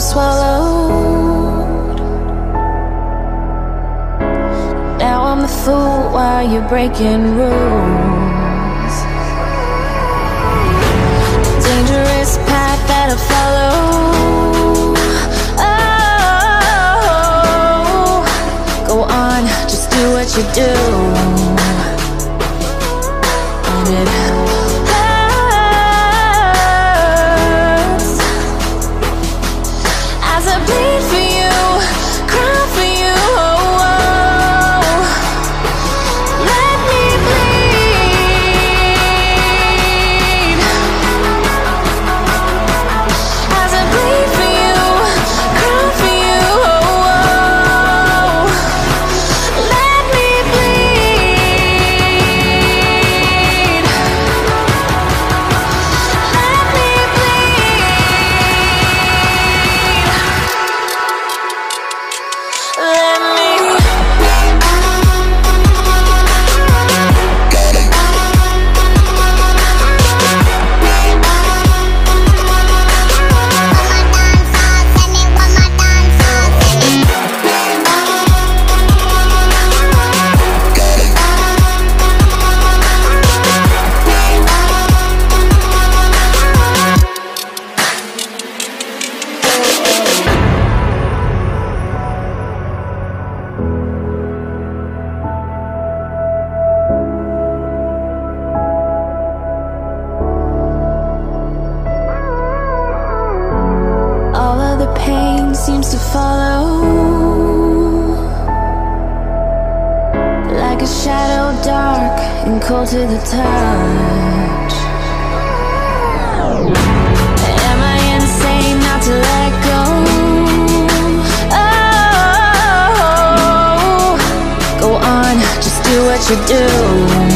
swallowed. Now I'm the fool while you're breaking rules. Dangerous path that I follow. Oh, go on, just do what you do. to do